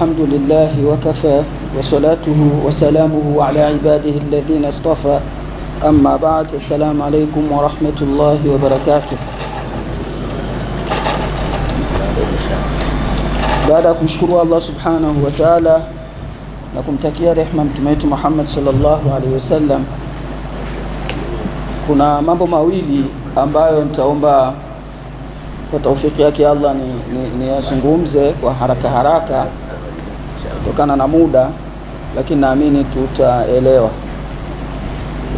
الحمد لله وكفى وصلاته وسلامه على عباده الذين اصطفى أما بعد السلام عليكم ورحمة الله وبركاته بعد أن أشكر الله سبحانه وتعالى لكم تكيا رحمة متميت محمد صلى الله عليه وسلم كنا مبو ماويلي أمبايون تأومبا kwa taufiki yake allah ni, ni, ni asungumze kwa haraka haraka kutokana na muda, lakini naamini tutaelewa.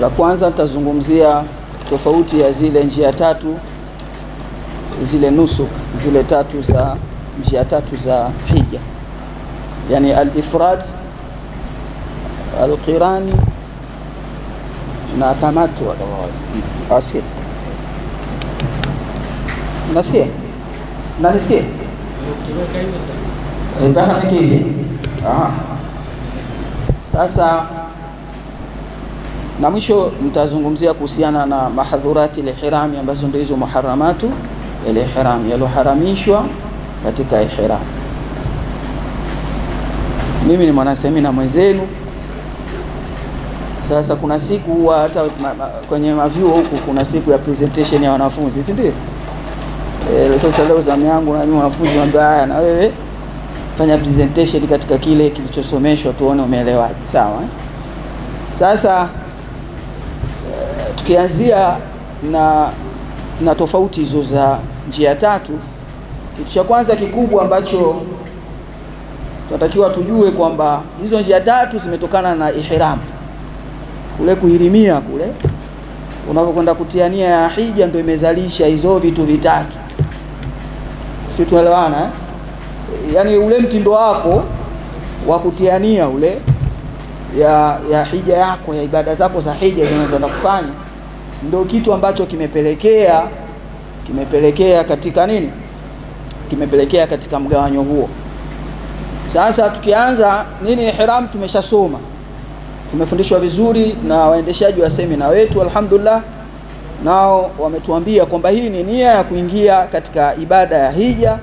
La kwanza nitazungumzia tofauti ya zile njia tatu, zile nusuk, zile tatu za njia tatu za hija, yani al-ifrad, al-qirani na tamatu. Asikia nasikia na Aha. Sasa na mwisho nitazungumzia kuhusiana na mahadhurati lihrami ambazo ndio hizo muharamatu lihrami yalioharamishwa katika ihram. Mimi ni mwanasemina mwenzenu. Sasa kuna siku huwa hata kwenye mavyuo huku kuna siku ya presentation ya wanafunzi, si ndio? Eh, sasa leo zamu yangu na mimi wanafunzi wambia haya na wewe fanya presentation katika kile kilichosomeshwa, tuone umeelewaje. Sawa eh? Sasa eh, tukianzia na na tofauti hizo za njia tatu, kitu cha kwanza kikubwa ambacho tunatakiwa tujue kwamba hizo njia tatu zimetokana na ihram, kule kuhirimia kule unapokwenda kutia nia ya hija, ndio imezalisha hizo vitu vitatu, sio tunaelewana eh? yani ule mtindo wako wa kutiania ule ya ya hija yako ya ibada zako za hija zinazoenda kufanya ndio kitu ambacho kimepelekea kimepelekea katika nini, kimepelekea katika mgawanyo huo. Sasa tukianza nini, ihram tumeshasoma, tumefundishwa vizuri na waendeshaji wa semina wetu, alhamdulillah, nao wametuambia kwamba hii ni nia ya kuingia katika ibada ya hija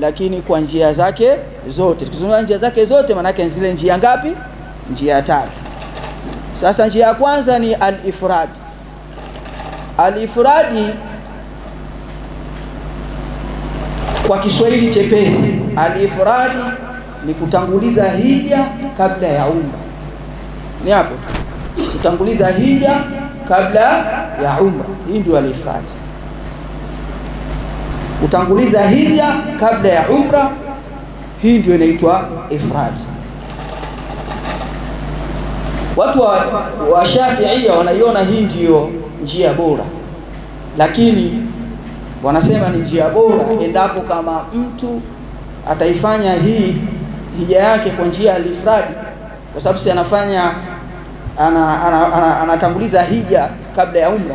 lakini kwa njia zake zote. Tukizungumza njia zake zote, maanake zile njia ngapi? Njia tatu. Sasa njia ya kwanza ni al al Alifradi kwa Kiswahili chepesi, ifradi ni kutanguliza hija kabla ya umra. Ni hapo tu, kutanguliza hija kabla ya umra, hii ndio alifradi kutanguliza hija kabla ya umra, hii ndio inaitwa ifrad. Watu wa, wa Shafiia wanaiona hii ndiyo njia bora, lakini wanasema ni njia bora endapo kama mtu ataifanya hii hija yake kwa njia ya kwa sababu si anafanya anatanguliza ana, ana, ana, ana hija kabla ya umra.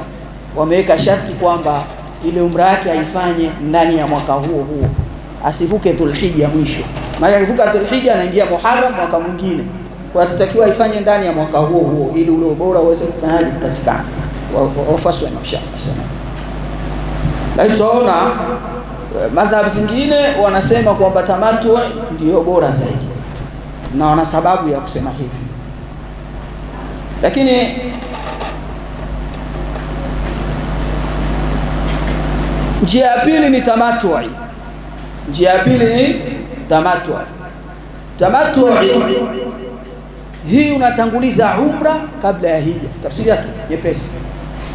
Wameweka sharti kwamba ile umra yake aifanye ndani ya mwaka huo huo, asivuke Dhulhija mwisho, maana akivuka Dhulhija anaingia Muharram mwaka mwingine. Kwa atatakiwa aifanye ndani ya mwaka huo huo ili ule ubora uweze kufanyaje kupatikana, wafaswe na sana, Lakini tunaona eh, madhhabu zingine wanasema kwamba tamatu ndiyo bora zaidi, na wana sababu ya kusema hivi, lakini Njia ya pili ni tamatui. Njia ya pili ni tamatui. Tamatui hii unatanguliza umra kabla ya hija, tafsiri yake nyepesi,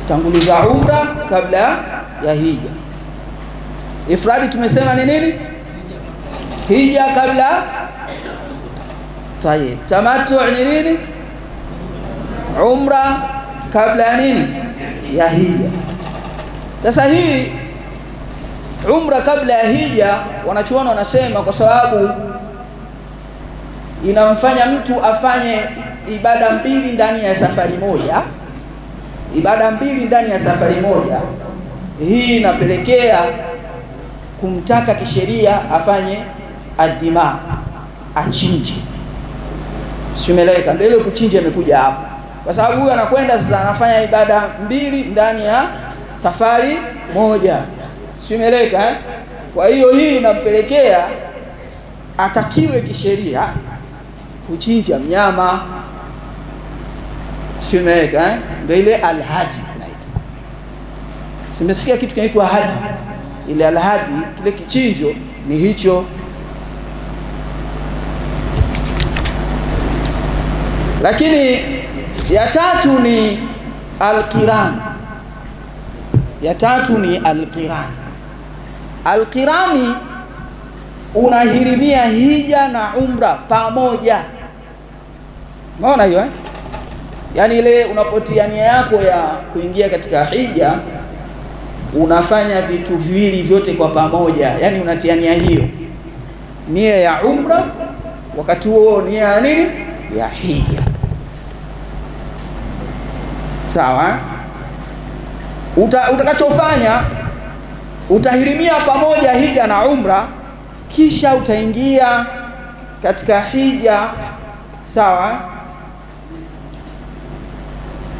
tanguliza umra kabla ya hija. Ifradi tumesema ni nini? Hija kabla. Tayeb, Tamatu ni nini? Umra kabla ya nini? Ya hija. Sasa hii umra kabla ya hija, wanachuona wanasema kwa sababu inamfanya mtu afanye ibada mbili ndani ya safari moja, ibada mbili ndani ya safari moja. Hii inapelekea kumtaka kisheria afanye adima, achinje. Simeleweka mbele, kuchinja imekuja hapo, kwa sababu huyu anakwenda sasa, anafanya ibada mbili ndani ya safari moja simeleka eh? Kwa hiyo hii inampelekea atakiwe kisheria kuchinja mnyama simeleka eh? Ndio ile alhadi tunaita, simesikia kitu kinaitwa hadi, ile alhadi, kile kichinjo ni hicho. Lakini ya tatu ni alqiran, ya tatu ni alqiran Alqirani unahirimia hija na umra pamoja. Unaona hiyo eh? Yaani ile unapotia nia yako ya kuingia katika hija unafanya vitu viwili vyote kwa pamoja, yaani unatia nia hiyo, nia ya umra, wakati huo nia ya nini, ya hija. Sawa, eh? utakachofanya uta utahirimia pamoja hija na umra, kisha utaingia katika hija sawa.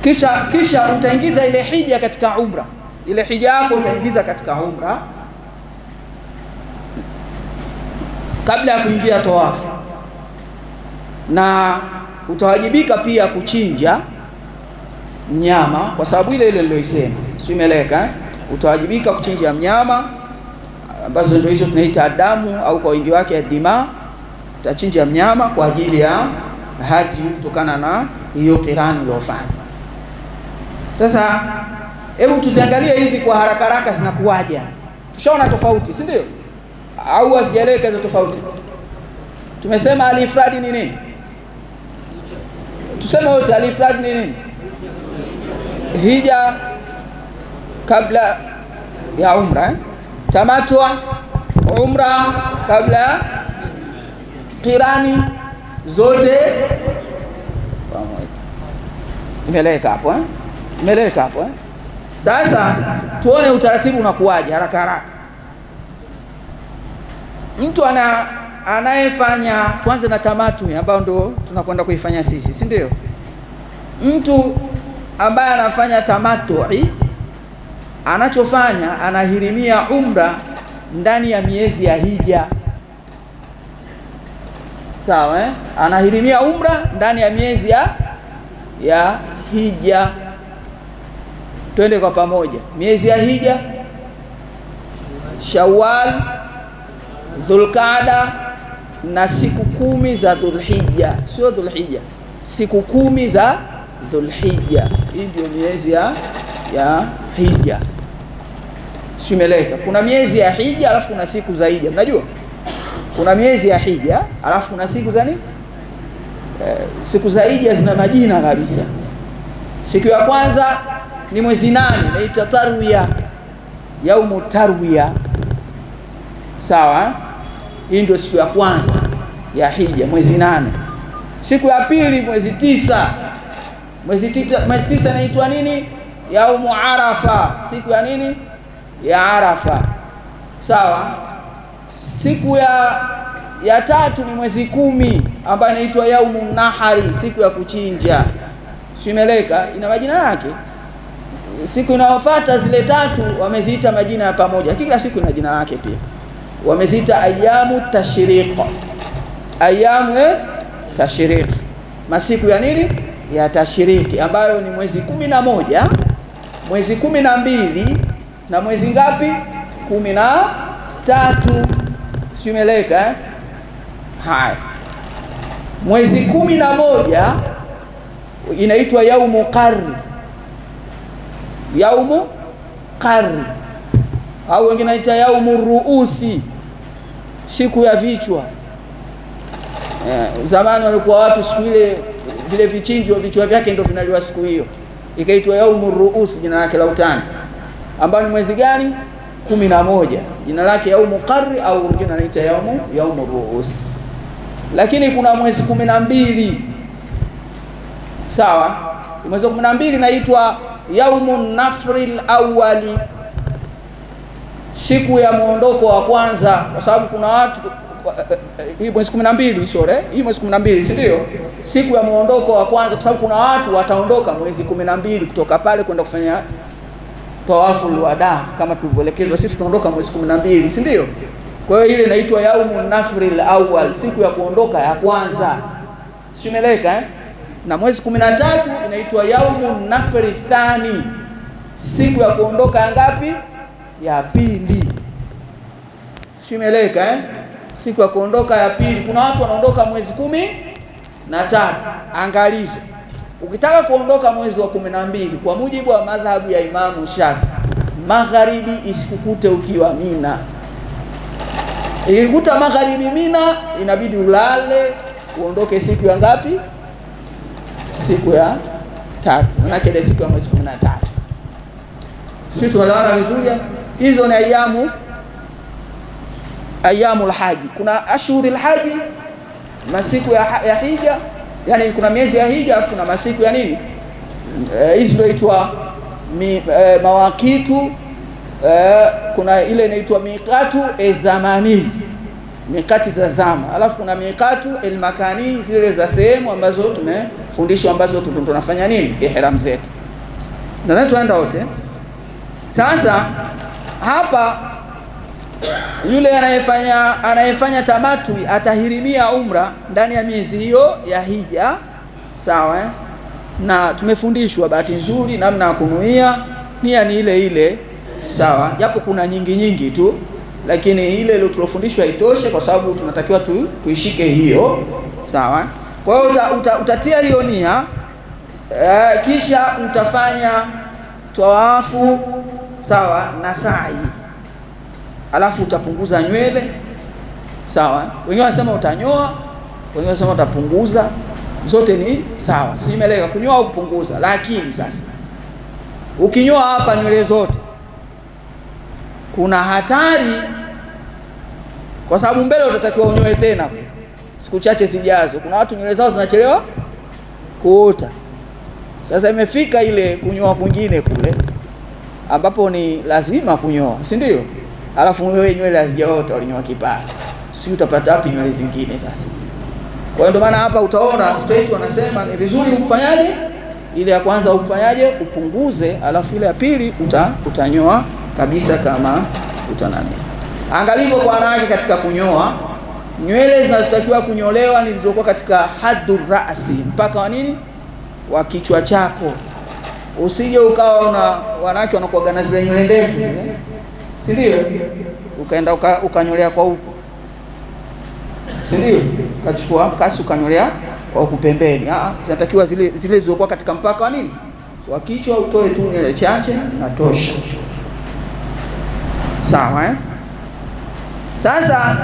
Kisha kisha utaingiza ile hija katika umra, ile hija yako utaingiza katika umra kabla ya kuingia tawafu, na utawajibika pia kuchinja mnyama, kwa sababu ile ile niliyoisema, si eh? utawajibika kuchinja mnyama ambazo ndio hizo tunaita damu au kwa wingi wake dima. Utachinja mnyama kwa ajili ya haji kutokana na hiyo kirani uliofanya. Sasa hebu tuziangalie hizi kwa haraka haraka, zinakuwaje? Tushaona tofauti, si ndio? Au hazijaeleweka hizo tofauti? Tumesema alifradi ni nini? Tuseme wote alifradi ni nini? hija kabla ya umra eh? umra kabla ya kirani, zote pamoja. hapo eh? Imeleweka hapo eh? Sasa tuone utaratibu unakuwaje haraka haraka. Mtu ana anayefanya, tuanze na tamatu ambayo ndo tunakwenda kuifanya sisi, si ndio? Mtu ambaye anafanya tamatui anachofanya anahirimia umra ndani ya miezi ya hija sawa eh? anahirimia umra ndani ya miezi ya ya hija twende kwa pamoja miezi ya hija shawal dhulqada na siku kumi za dhulhija sio dhulhija siku kumi za dhulhija hii ndio miezi ya ya hija, si Kuna miezi ya hija alafu kuna siku za hija. Mnajua kuna miezi ya hija alafu kuna siku za nini? E, siku za hija zina majina kabisa. Siku ya kwanza ni mwezi nane, naita tarwiya, yaumu tarwiya. Sawa, hii ndio siku ya kwanza ya hija, mwezi nane. Siku ya pili mwezi tisa, mwezi tisa, mwezi tisa inaitwa nini? yaumu arafa, siku ya nini? Ya Arafa. Sawa, siku ya ya tatu ni mwezi kumi ambayo inaitwa yaumu nahari, siku ya kuchinja. Simeleka ina majina yake. Siku inayofuata zile tatu wameziita majina ya pamoja, kila siku ina jina lake pia. Wameziita ayamu tashriq, ayamu eh, tashriq, masiku ya nini? Ya tashiriki ambayo ni mwezi kumi na moja mwezi kumi na mbili na mwezi ngapi? kumi na tatu. simeleka eh? Haya, mwezi kumi na moja inaitwa yaumu qarri, yaumu qarri au wengine naita yaumu ruusi, siku ya vichwa eh. Zamani walikuwa watu siku ile vile vichinjio vichwa vyake ndio vinaliwa siku hiyo ikaitwa yaumu ruus, jina lake la utani, ambao ni mwezi gani? kumi na moja. Jina lake yaumu qarri au wengine anaita yaumu yaumu ruus. Lakini kuna mwezi kumi na mbili, sawa. Mwezi wa kumi na mbili inaitwa yaumu nafril awali, siku ya muondoko wa kwanza, kwa sababu kuna watu hii mwezi 12 sore hii mwezi 12 si ndio? Siku ya muondoko wa kwanza, kwa sababu kuna watu wataondoka mwezi 12 kutoka pale kwenda kufanya tawaful wada kama tulivyoelekezwa sisi, tunaondoka mwezi 12 si ndio? Kwa hiyo ile inaitwa yaumu nafril awal, siku ya kuondoka ya kwanza, si umeleka eh? na mwezi 13 inaitwa yaumu nafri thani, siku ya kuondoka ya ngapi? Ya pili, si umeleka eh? siku ya kuondoka ya pili. Kuna watu wanaondoka mwezi kumi na tatu. Angalizo, ukitaka kuondoka mwezi wa kumi na mbili kwa mujibu wa madhhabu ya Imamu Shafi, magharibi isikukute ukiwa Mina. Ikikuta magharibi Mina, inabidi ulale uondoke siku ya ngapi? Siku ya tatu, manake ile siku ya mwezi kumi na tatu. Sisi tunaelewana vizuri. Hizo ni ayamu ayamul haji, kuna ashhurul haji, masiku ya, ya hija, yani kuna miezi ya hija, alafu kuna masiku ya nini eh, hizi, ndio inaitwa eh, mawakitu. Eh, kuna ile inaitwa miqatu ezamani, mikati za zama, alafu kuna mikatu elmakani, zile za sehemu ambazo tumefundishwa, ambazo tunafanya nini ihram zetu, nadhani tuenda wote sasa hapa yule anayefanya anayefanya tamatui atahirimia umra ndani ya miezi hiyo ya hija, sawa eh? na tumefundishwa bahati nzuri namna ya kunuia. Nia ni ile ile sawa, japo kuna nyingi nyingi tu, lakini ile ile tulofundishwa itoshe, kwa sababu tunatakiwa tu, tuishike hiyo sawa. Eh? Kwa hiyo uta, uta, utatia hiyo nia eh, kisha utafanya tawafu sawa na sa'i alafu utapunguza nywele sawa. Eh? Wengine wanasema utanyoa, wengine wanasema utapunguza, zote ni sawa, si kunyoa au kupunguza. Lakini sasa ukinyoa hapa nywele zote, kuna hatari, kwa sababu mbele utatakiwa unyoe tena siku chache zijazo. Kuna watu nywele zao zinachelewa kuota. Sasa imefika ile kunyoa kwingine kule ambapo ni lazima kunyoa, si ndio? alafu wewe nywele hazijaota ulinyoa kipara, sio? utapata wapi nywele zingine sasa? Kwa hiyo ndio maana hapa utaona straight wanasema ni vizuri ukufanyaje, ile ya kwanza ukufanyaje, upunguze, alafu ile ya pili uta, utanyoa kabisa kama utanani. Angalizo kwa wanawake katika kunyoa nywele zinazotakiwa kunyolewa ni zilizokuwa katika hadu rasi mpaka wa nini wa kichwa chako. Usije ukawa una wanawake wanakuwa na zile nywele ndefu zile si ndio? Ukaenda ukanyolea kwa huko, si ndio? Ukachukua mkasi ukanyolea kwa huko pembeni. Ah, ah, zinatakiwa zile zile zilizokuwa katika mpaka wa nini wa kichwa, utoe tu nywele chache na tosha. Sawa eh? Sasa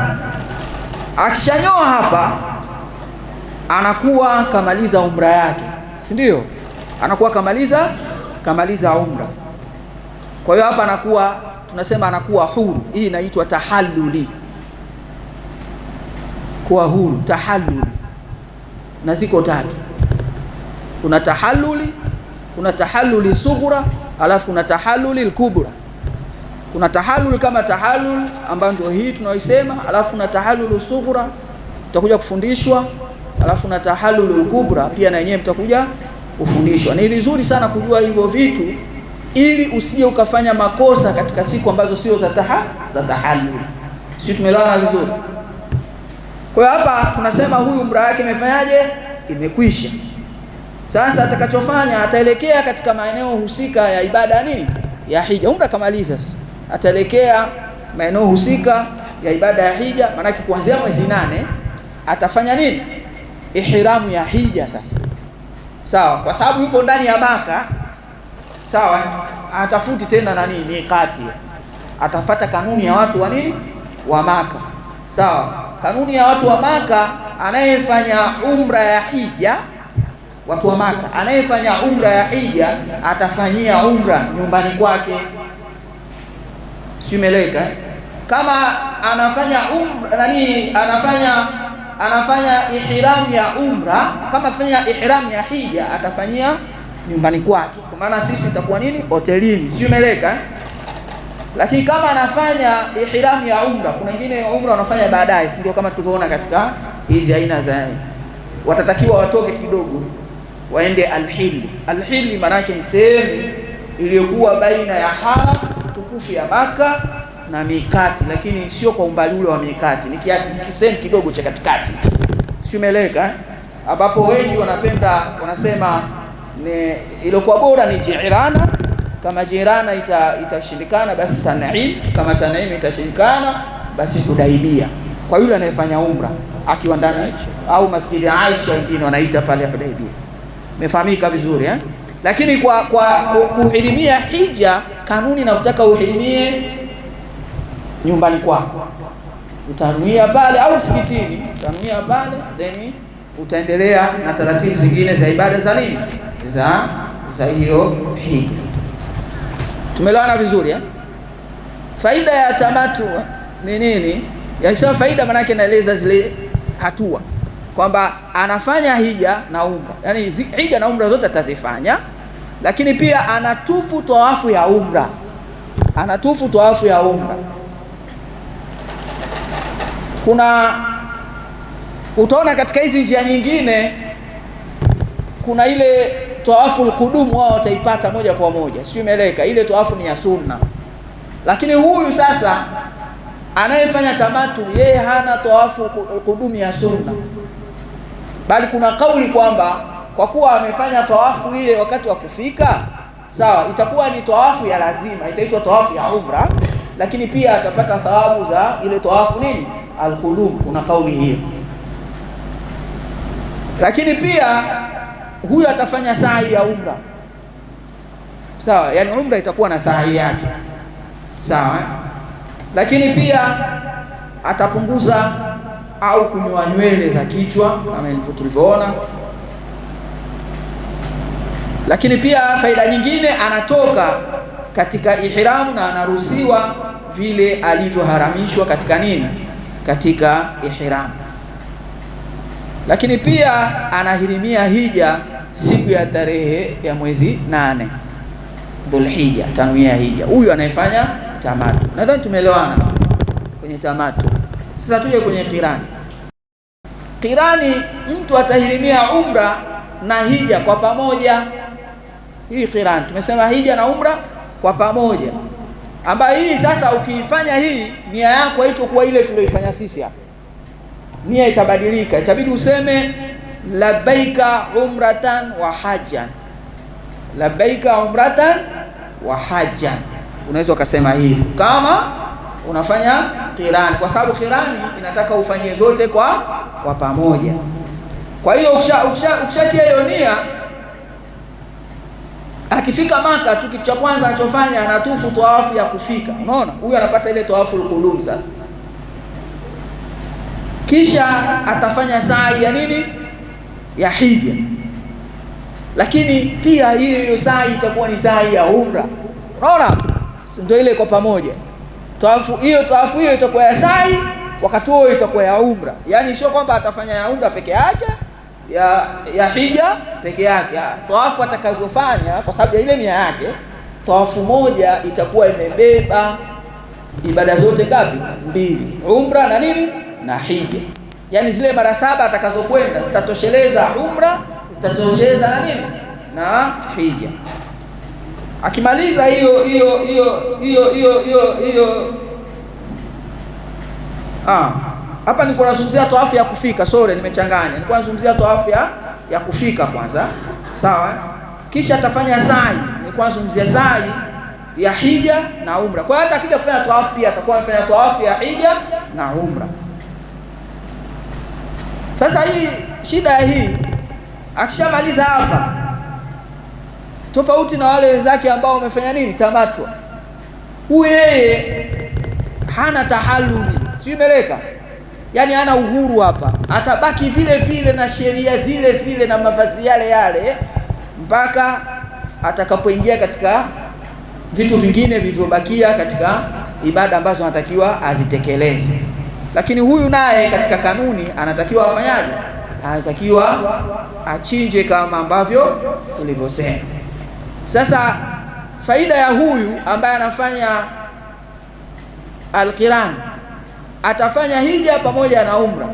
akishanyoa hapa anakuwa kamaliza umra yake, si ndio? Anakuwa kamaliza kamaliza umra. Kwa hiyo hapa anakuwa tunasema anakuwa huru. Hii inaitwa tahalluli, kuwa huru, tahalluli. Na ziko tatu, kuna tahalluli, kuna tahalluli sughra, alafu kuna tahalluli lkubra. Kuna tahaluli kama tahallul ambayo ndio hii tunaoisema, alafu kuna tahaluli sughra tutakuja kufundishwa, alafu na tahallul kubra pia na yenyewe mtakuja kufundishwa. Ni vizuri sana kujua hivyo vitu ili usije ukafanya makosa katika siku ambazo sio za taha za tahallul. Sisi tumelala vizuri. Kwa hiyo hapa tunasema huyu umra yake imefanyaje? Imekwisha. Sasa atakachofanya ataelekea katika maeneo husika ya ibada nini? Ya hija. Umra kamaliza sasa, ataelekea maeneo husika ya ibada ya hija, maanake kuanzia mwezi nane atafanya nini? Ihramu ya hija sasa, sawa, kwa sababu yuko ndani ya Maka sawa, atafuti tena nani mikati, atafata kanuni ya watu wa nini wa Maka, sawa, kanuni ya watu wa Maka. Anayefanya umra ya hija, watu wa Maka, anayefanya umra ya hija atafanyia umra nyumbani kwake, simeleka eh? Kama anafanya umra nani, anafanya anafanya ihram ya umra, kama akifanya ihram ya hija atafanyia nyumbani kwake, kwa maana sisi itakuwa nini, hotelini, sio meleka eh? Lakini kama anafanya ihram ya umra, kuna wengine umra wanafanya baadaye, si ndio? Kama tulivyoona katika hizi aina za, watatakiwa watoke kidogo waende alhili. Alhili maana yake ni sehemu iliyokuwa baina ya hara tukufu ya Maka na mikati, lakini sio kwa umbali ule wa mikati, ni kiasi kisehemu kidogo cha katikati, si meleka eh? ambapo wengi wanapenda wanasema ni ilikuwa bora ni Jirana. Kama Jirana itashindikana basi Tanaim, kama Tanaim itashindikana basi Hudaibia, kwa yule anayefanya umra akiwa ndani au masjidi Aisha, wengine wanaita pale Hudaibia. Imefahamika vizuri eh? Lakini kwa kwa kuhirimia hija, kanuni inakutaka uhirimie nyumbani kwako, utanuia pale au msikitini, utanuia pale then utaendelea na taratibu zingine za ibada za lini za za hiyo hija. Tumelewana vizuri eh? Faida ya tamatu eh, ni nini? Yakisema faida, maanake naeleza zile hatua kwamba anafanya hija na umra, yaani hija na umra zote atazifanya, lakini pia anatufu tawafu ya umra, anatufu tawafu ya umra. Kuna utaona katika hizi njia nyingine kuna ile tawafu lkudumu wao wataipata moja kwa moja, sijui meleka Ile tawafu ni ya sunna, lakini huyu sasa anayefanya tamatu yeye hana tawafu kudumu ya sunna, bali kuna kauli kwamba kwa kuwa amefanya tawafu ile wakati wa kufika, sawa, itakuwa ni tawafu ya lazima, itaitwa tawafu ya umra, lakini pia atapata thawabu za ile tawafu nini alqudum. Kuna kauli hiyo, lakini pia huyu atafanya sahi ya umra sawa, yani umra itakuwa na sahi yake sawa, eh? lakini pia atapunguza au kunyoa nywele za kichwa kama tulivyoona, lakini pia faida nyingine anatoka katika ihramu na anaruhusiwa vile alivyoharamishwa katika nini, katika ihramu. Lakini pia anahirimia hija siku ya tarehe ya mwezi nane Dhulhija, tanwia hija. Huyu anayefanya tamatu, nadhani tumeelewana kwenye tamatu. Sasa tuje kwenye kirani. Kirani mtu atahirimia umra na hija kwa pamoja. Hii kirani tumesema hija na umra kwa pamoja, ambayo hii sasa ukiifanya hii, nia yako haitokuwa ile tulioifanya sisi hapa, nia itabadilika, itabidi useme labaika umratan wa hajan, labaika umratan wa hajan. Unaweza ukasema hivi kama unafanya kirani, kwa sababu kirani inataka ufanye zote kwa kwa pamoja. Kwa hiyo ukishatia hiyo nia, akifika Maka tu kitu cha kwanza anachofanya anatufu tawafu ya kufika. Unaona, huyu anapata ile tawafu kulum sasa, kisha atafanya sa'i ya nini ya hija, lakini pia hiyo hiyo sa'i itakuwa ni saa ya umra. Unaona, ndio ile kwa pamoja tawafu hiyo, tawafu hiyo itakuwa ya sa'i, wakati huo itakuwa ya umra. Yaani sio kwamba atafanya ya umra peke yake ya ya hija peke yake, ah, tawafu atakazofanya, kwa sababu ile nia yake, tawafu moja itakuwa imebeba ibada zote ngapi? Mbili, umra na nini na hija yaani zile mara saba atakazokwenda zitatosheleza umra, zitatosheleza na nini na hija. Akimaliza hiyo hiyo hiyo hiyo hiyo hiyo hiyo ah, hapa nilikuwa nazungumzia tawafu ya kufika. Sorry, nimechanganya. Nilikuwa nazungumzia tawafu ya ya kufika kwanza, sawa. Kisha atafanya sa'i, nilikuwa nazungumzia sa'i ya hija na umra. Kwa hiyo hata akija kufanya tawafu pia atakuwa amefanya tawafu ya hija na umra. Sasa hii shida hii akishamaliza hapa, tofauti na wale wenzake ambao wamefanya nini, tamatwa, huyu yeye hana tahaluli, si imeleka, yaani hana uhuru hapa, atabaki vile vile na sheria zile zile na mavazi yale yale mpaka atakapoingia katika vitu vingine vilivyobakia katika ibada ambazo anatakiwa azitekeleze. Lakini huyu naye katika kanuni anatakiwa afanyaje? Anatakiwa achinje kama ambavyo tulivyosema. Sasa faida ya huyu ambaye anafanya alqiran, atafanya hija pamoja na umra,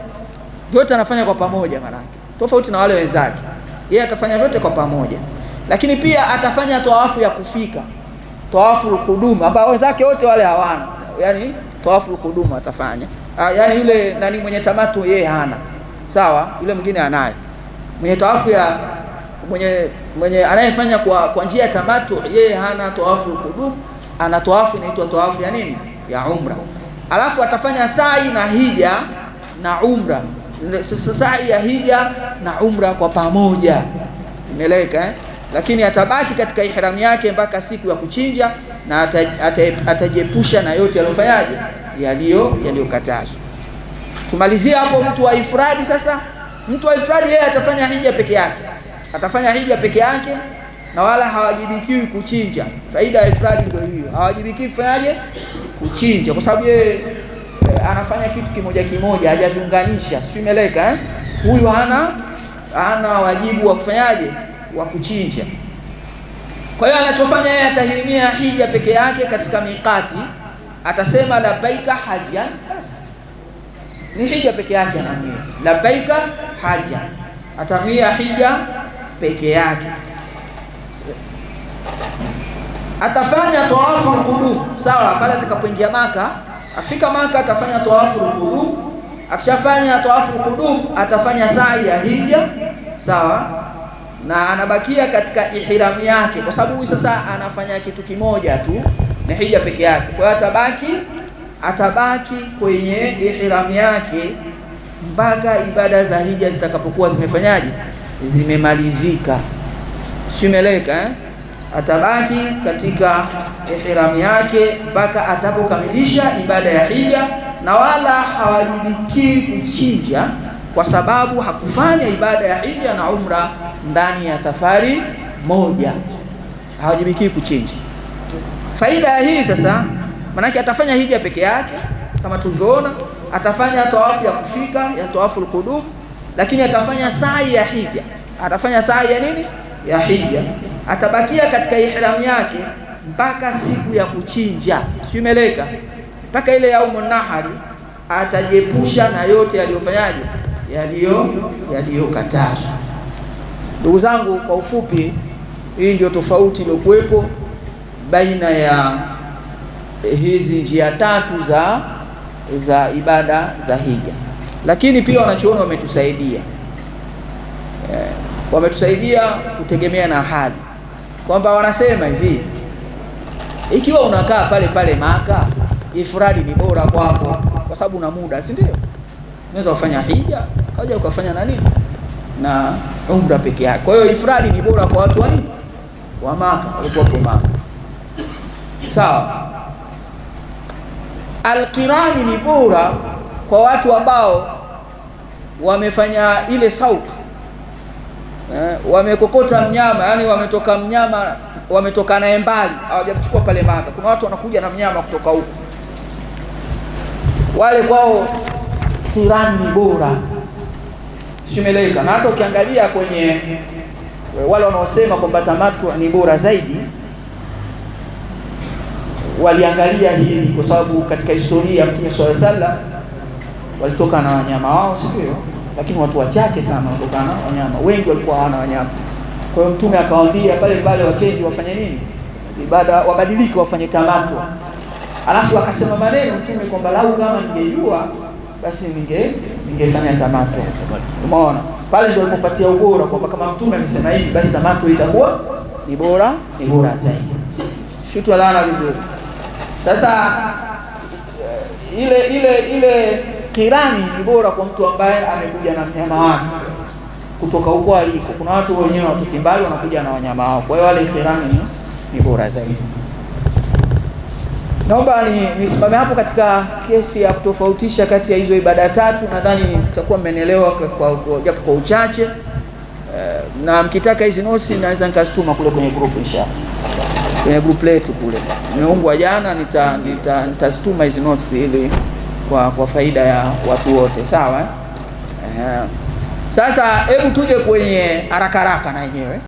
vyote anafanya kwa pamoja, maanake tofauti na wale wenzake, yeye atafanya vyote kwa pamoja, lakini pia atafanya tawafu ya kufika, tawafu kuduma, ambao wenzake wote wale hawana, yani tawafu kuduma atafanya. Ah, yani yule nani mwenye tamatu yeye hana sawa, yule mwingine anaye Mwenye tawafu ya mwenye mwenye anayefanya kwa kwa njia ya tamatu yeye hana tawafu kudu ana tawafu inaitwa tawafu ya nini ya umra, alafu atafanya sai na hija na umra, sai ya hija na umra kwa pamoja, imeleka eh? Lakini atabaki katika ihramu yake mpaka siku ya kuchinja na atajiepusha na yote aliyofanyaje yaliyo yaliyokatazwa. Tumalizie hapo mtu wa ifradi sasa. Mtu wa ifradi yeye atafanya hija peke yake, atafanya hija peke yake na wala hawajibikiwi kuchinja. Faida ya ifradi ndio hiyo, hawajibikiwi kufanyaje? Kuchinja, kwa sababu yeye eh, anafanya kitu kimoja kimoja, hajaviunganisha. Si meleka eh? Huyu hana hana wajibu wa kufanyaje? Wa kuchinja. Kwa hiyo anachofanya yeye atahirimia hija peke yake katika mikati atasema labaika hajan, basi ni hija peke yake anamia labaika haja, atamwia hija peke yake. Atafanya tawafu alqudum, sawa, pale atakapoingia Maka. Akifika Maka atafanya tawafu alqudum. Akishafanya tawafu alqudum, atafanya sa'i ya hija, sawa, na anabakia katika ihramu yake, kwa sababu sasa anafanya kitu kimoja tu ni hija peke yake. Kwa hiyo atabaki atabaki kwenye ihram yake mpaka ibada za hija zitakapokuwa zimefanyaje, zimemalizika. Simeleka eh? Atabaki katika ihram yake mpaka atapokamilisha ibada ya hija, na wala hawajibiki kuchinja kwa sababu hakufanya ibada ya hija na umra ndani ya safari moja, hawajibiki kuchinja. Faida ya hii sasa, maanake atafanya hija peke yake kama tulivyoona, atafanya tawafu ya kufika ya tawafu alqudum, lakini atafanya sa'i ya hija, atafanya sa'i ya nini ya hija, atabakia katika ihram yake mpaka siku ya kuchinja, sio meleka, mpaka ile yaumun nahari, atajepusha na yote yaliyofanyaje, yaliyo yaliyokatazwa. Ndugu zangu, kwa ufupi, hii ndio tofauti iliyokuwepo baina ya eh, hizi njia tatu za za ibada za hija. Lakini pia wanachuoni wametusaidia eh, wametusaidia kutegemea na hali kwamba wanasema hivi, ikiwa unakaa pale pale Maka, ifradi ni bora kwako kwa sababu una muda, si ndio? Unaweza kufanya hija kaja ukafanya nani na umra peke yake. Kwa hiyo ifradi ni bora kwa watu wa nini wa Maka, walipo Maka sawa. Alqirani ni bora kwa watu ambao wamefanya ile sauk eh, wamekokota mnyama, yani wametoka mnyama, wametoka naye mbali, hawajamchukua pale Maka. Kuna watu wanakuja na mnyama kutoka huko, wale kwao kirani ni bora, simeleka. Na hata ukiangalia kwenye wale wanaosema kwamba tamatu ni bora zaidi waliangalia hili kwa sababu katika historia ya Mtume swalla sallam walitoka na wanyama wao, si Lakini watu wachache sana walitoka na wanyama, wengi walikuwa hawana wanyama. Kwa hiyo Mtume akawaambia pale pale wachenji wafanye nini, ibada wabadilike, wafanye tamatu. Alafu akasema maneno Mtume kwamba lau kama ningejua basi ninge ningefanya tamatu. Umeona pale ndio alipopatia ubora kwamba kama mtume amesema hivi, basi tamatu itakuwa ni bora, ni bora zaidi. Shutu alana vizuri. Sasa ile ile ile kirani ni bora kwa mtu ambaye amekuja na mnyama wake kutoka huko aliko. Kuna watu wenyewe watoki mbali wanakuja na wanyama wao, kwa hiyo wale kirani ni, ni bora zaidi. Naomba nisimame hapo katika kesi ya kutofautisha kati ya hizo ibada tatu. Nadhani mtakuwa mmenielewa japo kwa uchache, eh, na mkitaka hizi nosi naweza nikazituma kule kwenye grupu inshallah kwenye group letu kule, Nimeungwa jana. Nitazituma nita, nita hizi notes ili kwa, kwa faida ya watu wote sawa. Eh? Sasa hebu tuje kwenye haraka haraka na yenyewe.